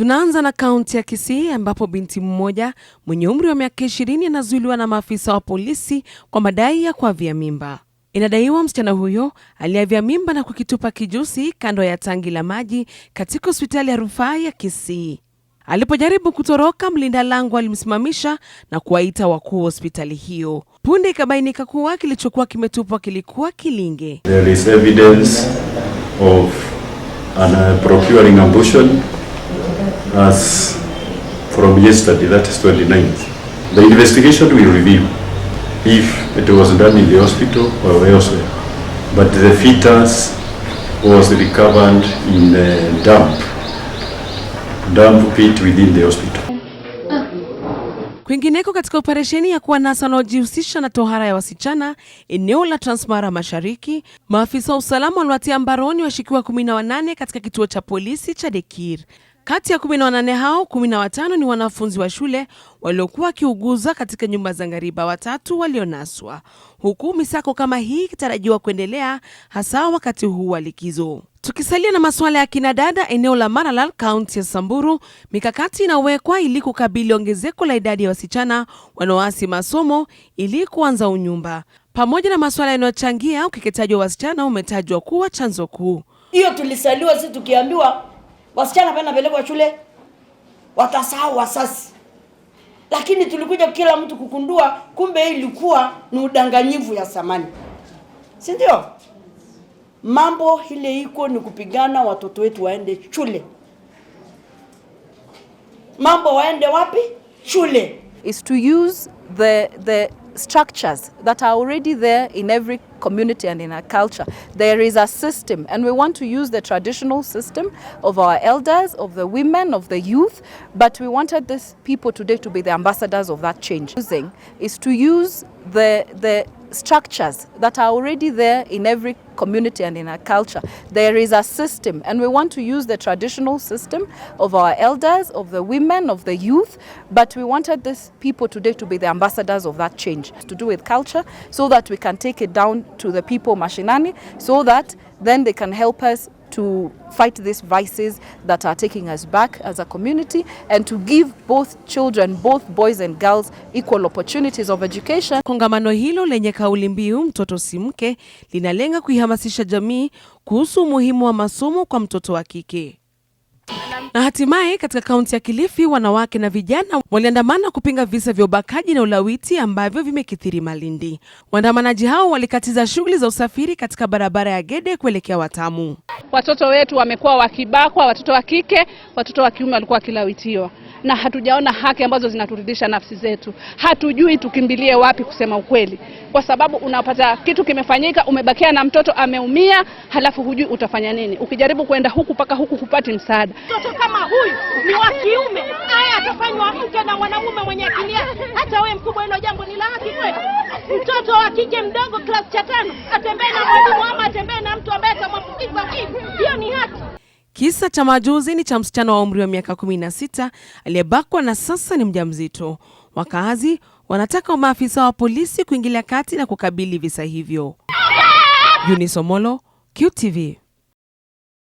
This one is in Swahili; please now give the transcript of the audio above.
Tunaanza na kaunti ya Kisii ambapo binti mmoja mwenye umri wa miaka ishirini anazuiliwa na maafisa wa polisi kwa madai ya kuavya mimba. Inadaiwa msichana huyo aliavya mimba na kukitupa kijusi kando ya tangi la maji katika hospitali ya rufaa ya Kisii. Alipojaribu kutoroka, mlinda lango alimsimamisha na kuwaita wakuu wa hospitali hiyo. Punde ikabainika kuwa kilichokuwa kimetupwa kilikuwa kilinge. There is evidence of an, uh, procuring abortion as from yesterday, that is 29th. The investigation will reveal if it was done in the hospital or elsewhere. But the fetus was recovered in a dump, dump pit within the hospital. Kwingineko katika operesheni ya kuwanasa wanaojihusisha na tohara ya wasichana eneo la Transmara Mashariki, maafisa wa usalama waliwatia mbaroni washukiwa kumi na wanane katika kituo cha polisi cha Dekir. Kati ya kumi na wanane hao kumi na watano ni wanafunzi wa shule waliokuwa wakiuguza katika nyumba za ngariba, watatu walionaswa, huku misako kama hii ikitarajiwa kuendelea hasa wakati huu wa likizo. Tukisalia na masuala ya kinadada, eneo la Maralal, kaunti ya Samburu, mikakati inawekwa ili kukabili ongezeko la idadi ya wasichana wanaoasi masomo ili kuanza unyumba. Pamoja na masuala yanayochangia ukeketaji wa wasichana umetajwa kuwa chanzo kuu. Hiyo tulisaliwa sisi tukiambiwa wasichana pale napelekwa shule watasahau wasasi. Lakini tulikuja kila mtu kukundua kumbe ilikuwa ni udanganyivu ya samani, si ndio? Mambo ile iko ni kupigana watoto wetu waende shule, mambo waende wapi? Shule is to use the the structures that are already there in every community and in our culture. There is a system and we want to use the traditional system of our elders, of the women, of the youth, but we wanted these people today to be the ambassadors of that change. Using is to use the, the structures that are already there in every community and in our culture. There is a system and we want to use the traditional system of our elders, of the women, of the youth, but we wanted these people today to be the ambassadors of that change, to do with culture, so that we can take it down to the people mashinani, so that then they can help us to fight these vices that are taking us back as a community and to give both children, both boys and girls equal opportunities of education. Kongamano hilo lenye kauli mbiu mtoto si mke linalenga kuihamasisha jamii kuhusu umuhimu wa masomo kwa mtoto wa kike. Na hatimaye katika kaunti ya Kilifi, wanawake na vijana waliandamana kupinga visa vya ubakaji na ulawiti ambavyo vimekithiri Malindi. Waandamanaji hao walikatiza shughuli za usafiri katika barabara ya Gede kuelekea Watamu watoto wetu wamekuwa wakibakwa, watoto wa kike, watoto wa kiume walikuwa wakilawitiwa na hatujaona haki ambazo zinaturidhisha nafsi zetu. Hatujui tukimbilie wapi, kusema ukweli, kwa sababu unapata kitu kimefanyika, umebakia na mtoto ameumia, halafu hujui utafanya nini. Ukijaribu kwenda huku mpaka huku hupati msaada. Mtoto kama huyu ni wa kiume, haya atafanywa mke na mwanaume mwenye akili yake. Hata wewe mkubwa, hilo jambo ni la haki kweli? Mtoto wa kike mdogo, class cha tano, atembee na mwalimu ama atembee na mtu ambaye atamwambukiza ukimwi? Hiyo ni haki? Kisa cha majuzi ni cha msichana wa umri wa miaka 16 aliyebakwa na sasa ni mjamzito. Wakazi wanataka maafisa wa polisi kuingilia kati na kukabili visa hivyo. Yunisomolo, QTV.